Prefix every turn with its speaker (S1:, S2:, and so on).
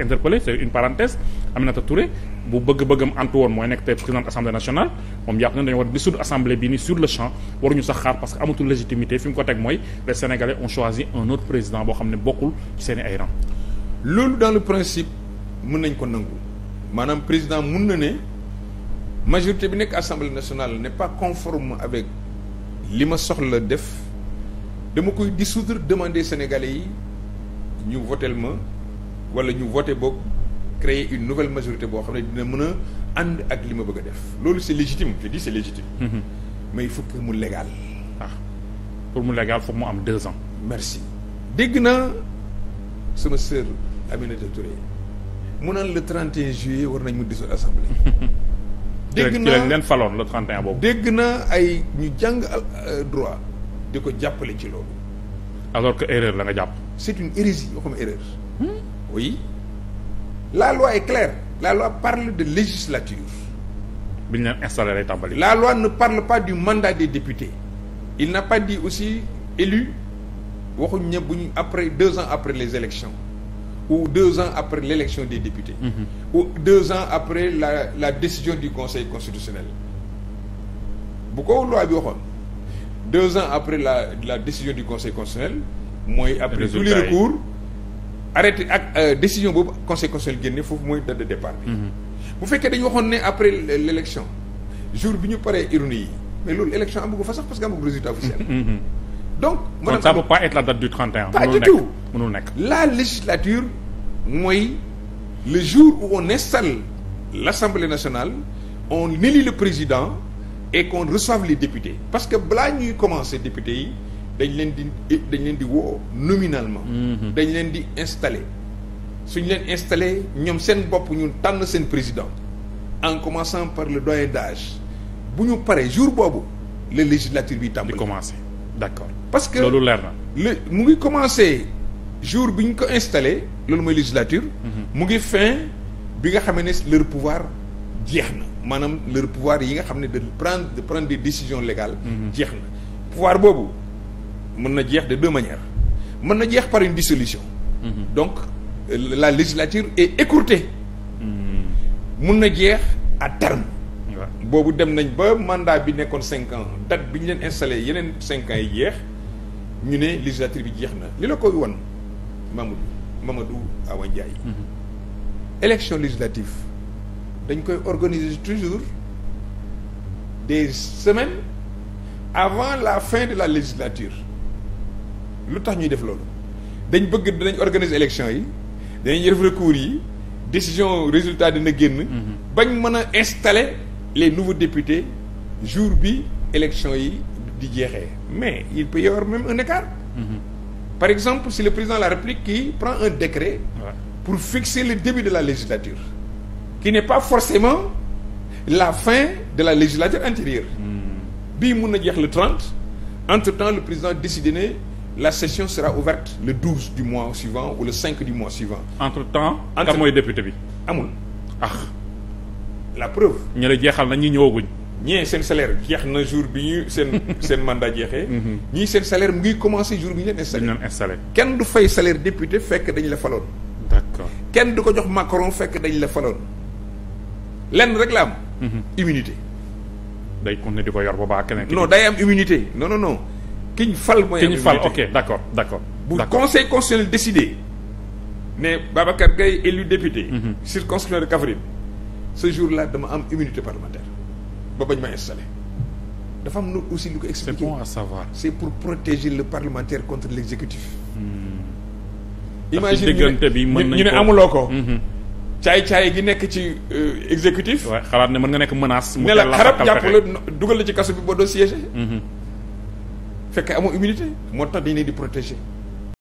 S1: ci interpellé c'est une parenthèse Aminata Touré bu bëgg-bëggam ant woon mooy nekk tey présidente assemblée nationale moom yàpp na dañu war dissoudre assemblée bi ni sur le champ waruñu sax xaar parce que amatul légitimité fi ko teg mooy les sénégalais ont choisi un autre président boo xam ne bokkul ci seen ay loolu dans le principe
S2: mun nañ ko nangu maanaam président mun na ne majorité bi nekk assemblée nationale n'est pas conforme avec li ma soxla def dama koy dissoudre demander sénégalais yi ñu ma wala ñu voté boog créer une nouvelle majorité boo xam ne dina mën a ànd ak li ma bëgg a def loolu c'est légitime je dis c'est légitime. Mm-hmm. mais il faut que mu légal. ah pour mu légal foog mu am deux ans. merci dégg naa sama sœur Aminata Touré mu naan le 31 juillet war nañ mu dissoudre assemblée. dégg naa ci leen faloon le 31 boobu. dégg naa ay ñu jàng euh, droit di ko jàppale ci loolu.
S1: alors que erreur la nga jàpp.
S2: c'est une hérésie yoo xam erreur. Hmm? oui la loi est claire la loi parle de législature.
S1: bi ñu leen installé lay tàmbali.
S2: la loi ne parle pas du mandat des députés il n'a pas dit aussi élu waxuñ ñëpp bu ñu après deux ans après les élections ou deux ans après l'élection des députés. Mm -hmm. ou deux ans après la la décision du conseil constitutionnel bu ko loi bi waxoon deux ans après la la décision du conseil constitutionnel mooy après tous les recours. arrêté ak euh, décision boobu conseil constitutionnel génne foofu mooy date de départ bi mhm. bu fekkee dañu waxoon ne après l'élection jour bi ñu paree urne yi mais loolu élection amagu fa sax parce que amagu résultat officiel mhm. Mhm. donc maanaam ça peut
S1: pas être la date du 31. pas du
S2: la législature mooy le jour où on installe l'Assemblée nationale on élit le président et qu'on reçoive les députés parce que balaa ñuy commencer députés yi dañ leen di dañu leen di woo nominalement. Mhm. dañ leen di installer suñ leen installer ñoom seen bopp ñun tànn seen président en commençant par le doyen d'âge bu ñu paree jour boobu la législature bi tàmbali. di commencer d'accord parce que loolu leer na le mu ngi commencer jour bi ñu ko installé loolu mooy législature. Mhm. mu ngi fin bi nga xam ne leur pouvoir jeex na maanaam leur pouvoir yi nga xam ne da prendre de prendre des décisions mhm. jeex na pouvoir boobu. mën na jeex de deux manières mën na jeex par une dissolution mmh. donc la législature et écourtée mun mhm. na jeex à terme boobu dem nañ ba mandaa bi nekkoon cinq ans date bi ñu leen installé yeneen cinq ans yi jeex ñu ne législature bi jeex na li la koy won Mamadou Mamadou Awa Ndiaye mhm. élection législative dañ koy organiser toujours des semaines avant la fin de la législature lu tax ñuy def loolu dañ bëgg dinañ organiser élection yi dañ def recours yi décision résultat dina génn mhm. bañ mën a installé les nouveaux députés jour bi élection yi di jeexee mais il peut y même un écart mhm. par exemple si le président de la République qui prend un décret pour fixer le début de la législature qui n'est pas forcément la fin de la législature antérieure mhm. bii mun na jeex le 30 entre temps le président décide ne la session sera ouverte le 12 du mois suivant ou le 5 du mois suivant. entre temps. entre kan mooy député bi. amul ah. la preuve. ñu la jeexal na ñi ñëwaguñ. ñee seen salaire jeex na jour bi ñu seen seen mandat jeexee. Mhm. ñii seen salaire mu ngi commencé jour bi ñu leen installé. installé kenn du fay salaire député fekk dañ la faloon. d'accord kenn du ko jox Macron fekk dañ la faloon lenn rek la am. Mhm. immunité. day continuer di
S1: ko yor boobaa baax keneen. non day
S2: am immunité non non ki ñu fal mooy. ki ñu fal ok d'accord d'accord bu conseil constitutionnel décidé ne Babacar Gueye élu député. Mhm. circonscription de Kaffrine ce jour-là dama am immunité parlementaire ba bañ ma installé. dafa am lu aussi lu ko expliqué c'est pour protéger le parlementaire contre l'exécutif. Hmm. imagine ñu ne amuloo ko. Mhm.
S1: caay-caay gi nekk ci euh, exécutif. xalaat ne mën nga nekk menace. mu ne la xarab jàpp la
S2: dugal la ci kaso bi boo doo siégé. Mhm. fekkee amoo immunité moo tax nii di protéger